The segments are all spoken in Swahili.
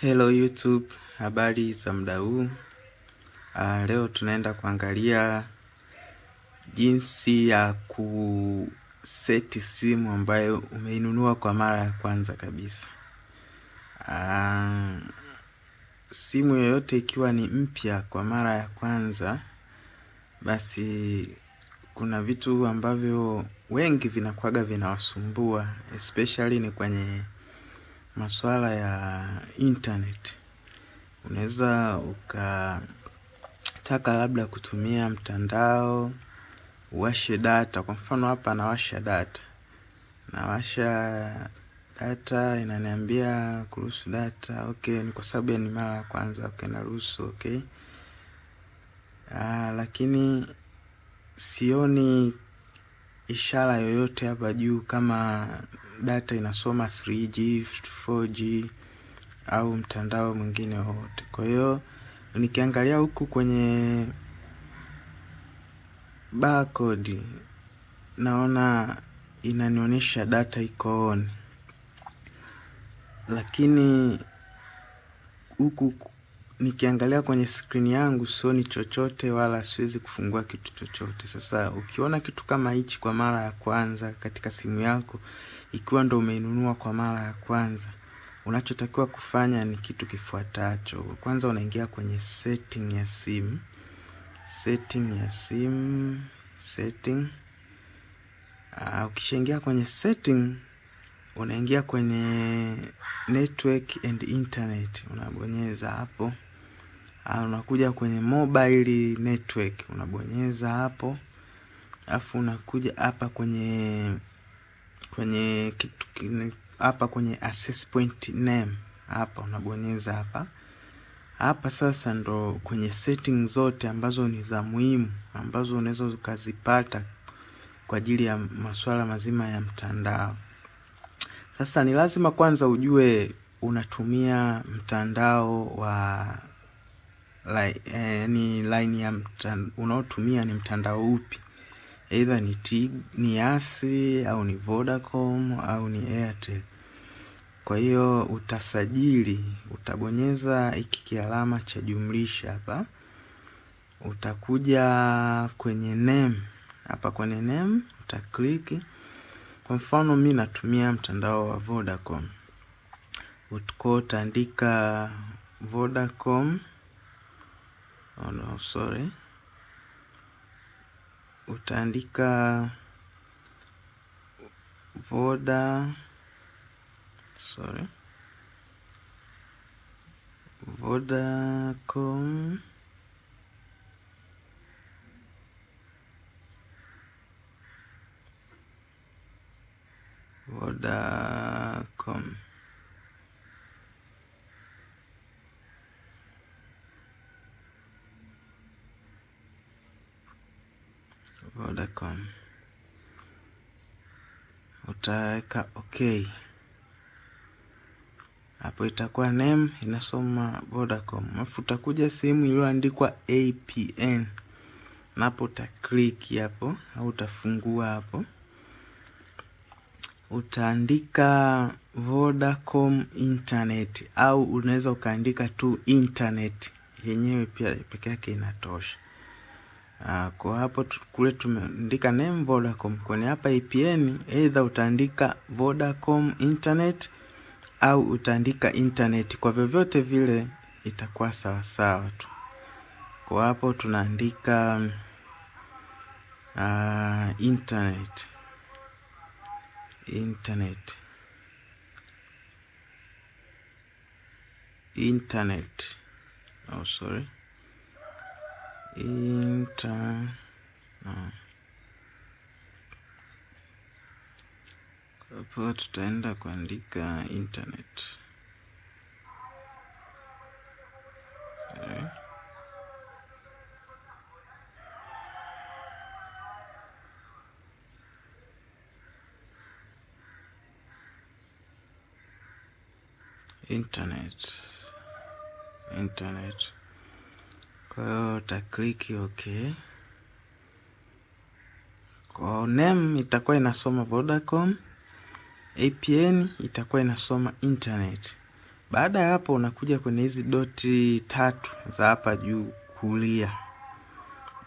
Hello YouTube, habari za muda huu. Uh, leo tunaenda kuangalia jinsi ya kuseti simu ambayo umeinunua kwa mara ya kwanza kabisa. Uh, simu yoyote ikiwa ni mpya kwa mara ya kwanza, basi kuna vitu ambavyo wengi vinakuaga vinawasumbua especially ni kwenye masuala ya internet, unaweza ukataka labda kutumia mtandao uwashe data. Kwa mfano hapa nawasha data, nawasha data inaniambia kuruhusu data. Okay, ni kwa sababu ni mara ya kwanza. Okay, naruhusu. Okay. Aa, ah, lakini sioni ishara yoyote hapa juu kama data inasoma 3G, 4G au mtandao mwingine wowote. Kwa hiyo nikiangalia huku kwenye barcode naona inanionyesha data iko on, lakini huku nikiangalia kwenye skrini yangu sioni chochote wala siwezi kufungua kitu chochote. Sasa ukiona kitu kama hichi kwa mara ya kwanza katika simu yako, ikiwa ndo umeinunua kwa mara ya kwanza, unachotakiwa kufanya ni kitu kifuatacho. Kwanza unaingia kwenye setting ya simu, setting ya simu, setting. Uh, ukishaingia kwenye setting unaingia kwenye network and internet, unabonyeza hapo Ah, unakuja kwenye mobile network unabonyeza hapo alafu unakuja hapa kwenye kwenye kitu hapa kwenye access point name hapa unabonyeza hapa hapa sasa ndo kwenye setting zote ambazo ni za muhimu ambazo unaweza ukazipata kwa ajili ya masuala mazima ya mtandao. Sasa ni lazima kwanza ujue unatumia mtandao wa line, eh, ni line ya unaotumia ni mtandao upi, either ni T, ni Yasi au ni Vodacom au ni Airtel. Kwa hiyo utasajili, utabonyeza hiki kialama cha jumlisha hapa, utakuja kwenye name hapa, kwenye name utakliki. Kwa mfano mi natumia mtandao wa Vodacom, utaandika Vodacom oh no, sorry, utaandika voda sorry, Vodacom Vodacom Vodacom, utaweka ok. Hapo itakuwa name inasoma Vodacom, alafu utakuja sehemu iliyoandikwa APN, napo utakliki hapo au utafungua hapo, utaandika Vodacom internet au unaweza ukaandika tu internet yenyewe, pia peke yake inatosha. Ah, kwa hapo kule tumeandika name Vodacom. Kwenye hapa IPN e either utaandika Vodacom internet au utaandika internet, kwa vyovyote vile itakuwa sawasawa tu. Kwa hapo tunaandika uh, internet internet internet. Oh, sorry internal hapo tutaenda kuandika internet okay. Eh? internet internet Kwa hiyo takliki okay. Kwa name itakuwa inasoma Vodacom, APN itakuwa inasoma internet. Baada ya hapo, unakuja kwenye hizi doti tatu za hapa juu kulia,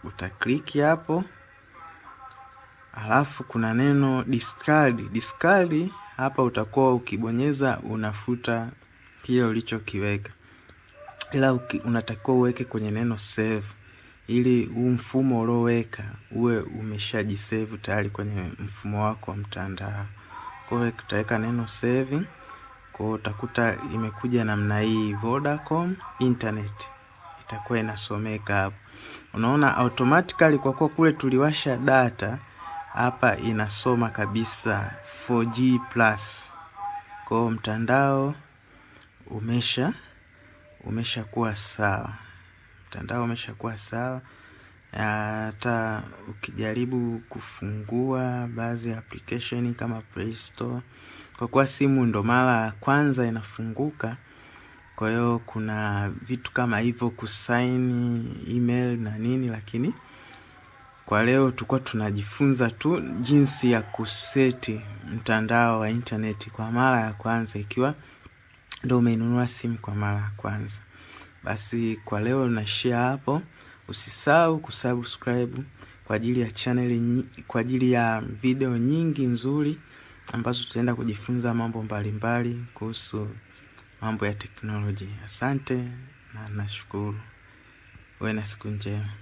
utakliki hapo, alafu kuna neno discard. Discard hapa utakuwa ukibonyeza unafuta kile ulichokiweka ila unatakiwa uweke kwenye neno save ili huu mfumo ulioweka uwe umeshajisave tayari kwenye mfumo wako wa mtandao. Kwa hiyo tutaweka neno save, kwa hiyo utakuta imekuja namna hii Vodacom internet itakuwa inasomeka hapo. Unaona automatically kwa kuwa kule tuliwasha data, hapa inasoma kabisa 4G plus. Kwa hiyo mtandao umesha umeshakuwa sawa, mtandao umeshakuwa sawa. Hata ukijaribu kufungua baadhi ya application kama Play Store, kwa kuwa simu ndo mara ya kwanza inafunguka, kwa hiyo kuna vitu kama hivyo kusaini email na nini, lakini kwa leo tulikuwa tunajifunza tu jinsi ya kuseti mtandao wa intaneti kwa mara ya kwanza ikiwa ndo umeinunua simu kwa mara ya kwanza. Basi kwa leo naishia hapo. Usisahau kusubscribe kwa ajili ya channel, kwa ajili ya video nyingi nzuri ambazo tutaenda kujifunza mambo mbalimbali kuhusu mambo ya teknolojia. Asante na nashukuru. Uwe na siku njema.